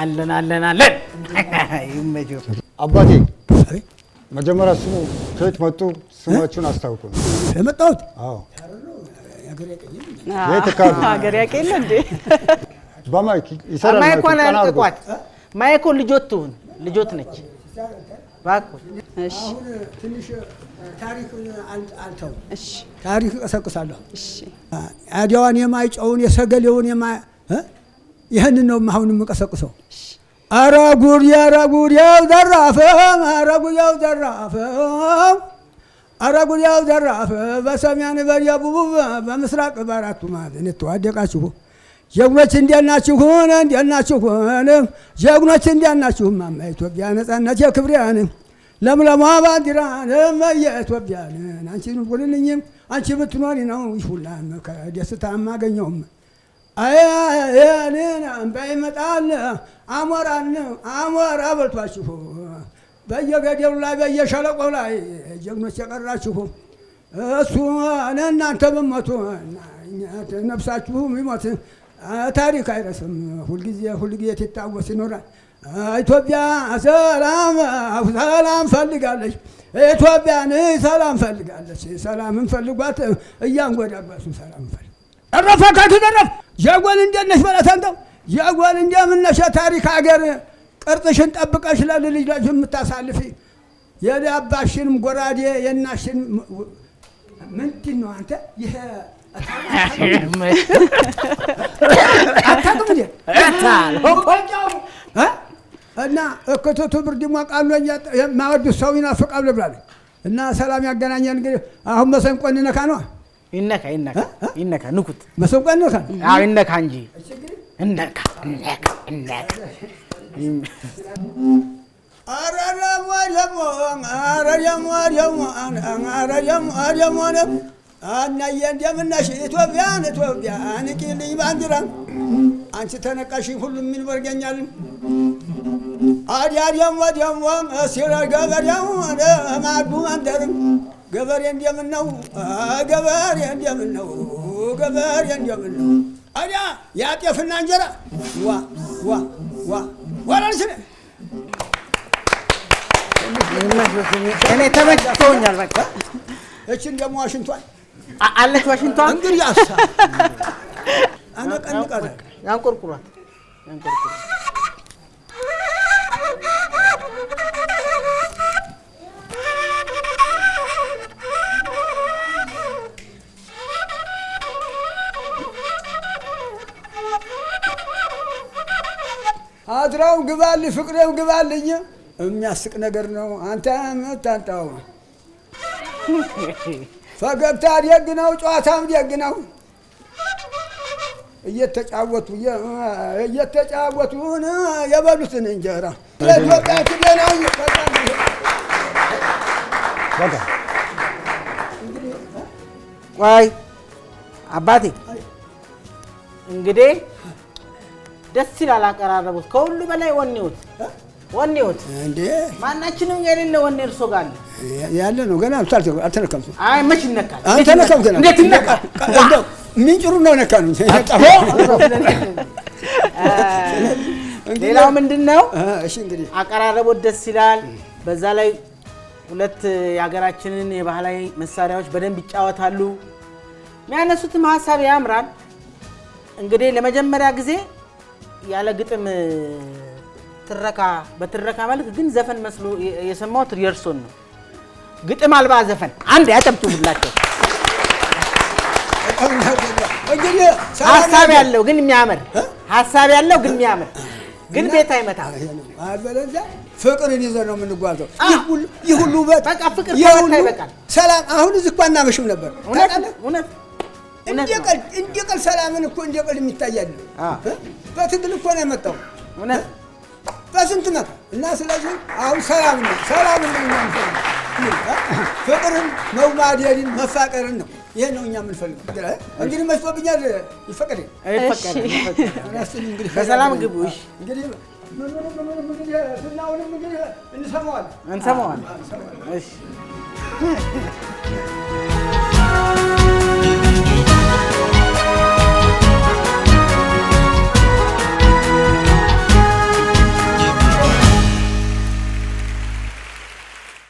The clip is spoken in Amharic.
አለን አለን አለን። አባቴ መጀመሪያ ስሙ ከየት መጡ? ስማችሁን አስታውቁ። የመጣሁት ሀገር ያቄ የለ እንዴ ማይኮን አልቅቋት ማይኮን ልጆት ትሁን ልጆት ነች። ትንሽ ታሪክን አልተውም። ታሪክ እቀሰቅሳለሁ። አድዋን የማይጨውን የሰገሌውን የማይ ይህን ነው አሁን የምንቀሰቅሰው። አራጉድ ያራጉድ ያው ዘራ አፈም ያው ዘራ አፈም ያው ዘራ አፈም በሰሜን በደቡብ በምስራቅ በአራቱ ማዕዘን የተዋደቃችሁ ጀግኖች እንዴት ናችሁን? እንዴት ናችሁን? ጀግኖች እንዴት ናችሁን? ማማ ኢትዮጵያ ነጻነት የክብሪያን ለምለሟ ባንዲራንም የኢትዮጵያን አንቺ ሁልንኝም አንቺ ብትኖሪ ነው ይሁላ ከደስታ ማገኘውም እኔን በይመጣን አሞራን አሞራ በልቷችሁ በየገደሉ ላይ በየሸለቆ ላይ ጀግኖች የቀራችሁ እሱ እናንተ ብሞቱ ነፍሳችሁ ይሞት ታሪክ አይረስም። ሁልጊዜ ሁልጊዜ ይታወስ ይኖራል። ኢትዮጵያ ሰላም ሰላም ፈልጋለች። ኢትዮጵያን ሰላም ፈልጋለች። ሰላምን ፈልጓት እያንጎዳባሱ ሰላም ፈልግ እረፈ ከትዘረፍ የጎን እንደነሽ በላት አንተው እንደምነሽ ታሪክ ሀገር ቅርጽሽን ጠብቀሽ ለልጅሽ የምታሳልፊ የአባሽንም ጎራዴ የእናሽን ምንድን ነው አንተ ይሄ አታውቅም እንዴ? እና እክትቱ ብርድ ሞቃሉ ሰው ይናፍቃሉ ብላለች። እና ሰላም ያገናኛል። እንግዲህ አሁን መሰንቆ እንነካ ነው ይነካ ይነካ ይነካ ንኩት መሶብ ጋር ነካ። አዎ ይነካ እንጂ አንቺ ተነቃሽ አዲያ ደሞ ደሞ ሲረገበ ደሞ ማዱ መንደርም ገበሬ እንደምን ነው ገበሬ እንደምን ነው ገበሬ እንደምን ነው አዲያ ያጤፍና እንጀራ ዋ ዋ ዋ ወራንሽነ እኔ ተመችቶኛል። በቃ እችን ደግሞ ዋሽንቷን አለች ዋሽንቷን እንግዲህ ያሳ አነቀንቀረ ያንቆርቁሯት ያንቆርቁሯት አትራውም ግባልኝ፣ ፍቅሬም ግባልኝ። የሚያስቅ ነገር ነው። አንተ ምታንጣው ፈገግታ ደግ ነው፣ ጨዋታም ደግ ነው። እየተጫወቱ እየተጫወቱን የበሉትን እንጀራ ለኢትዮጵያ ይፈጣል። ቆይ አባቴ እንግዲህ ደስ ይላል አቀራረቡት። ከሁሉ በላይ ወኔዎት ወኔዎት እንዴ! ማናችንም የሌለ ወኔ እርሶ ጋር ያለ ነው። ገና አልተነካም። አይ መች ይነካል? አልተነካም። ገና እንዴት ይነካል? ምንጭሩ ነው ነካ ነው። ሌላው ምንድን ነው? እሺ እንግዲህ አቀራረቦት ደስ ይላል። በዛ ላይ ሁለት የሀገራችንን የባህላዊ መሳሪያዎች በደንብ ይጫወታሉ። የሚያነሱትም ሀሳብ ያምራል። እንግዲህ ለመጀመሪያ ጊዜ ያለ ግጥም ትረካ በትረካ መልክ ግን ዘፈን መስሎ የሰማሁት ሪየርሶን ነው። ግጥም አልባ ዘፈን አንድ ያጨብጡ ሁላቸው ሀሳብ ያለው ግን የሚያምር ሀሳብ ያለው ግን የሚያምር ግን ቤት አይመታ ፍቅርን ይዘን ነው የምንጓዘው። ይህ ሁሉ ውበት፣ ፍቅር ሰላም አሁን እዚህ እኮ አናመሽም ነበር። እውነት እንደ ቀል ሰላምን እኮ እንደ የሚታያል። በትግል እኮ ነው የመጣው በስንት መ እና ስለዚህ አሁን ሰላም ነው ሰላም ፍቅርን፣ መዋደድን፣ መፋቀርን ነው። ይሄ ነው እኛ የምንፈልገው። እንግዲህ መስሎብኛል። ይፈቀድ በሰላም ግቡ። እንግዲህ እንሰማዋለን እንሰማዋለን።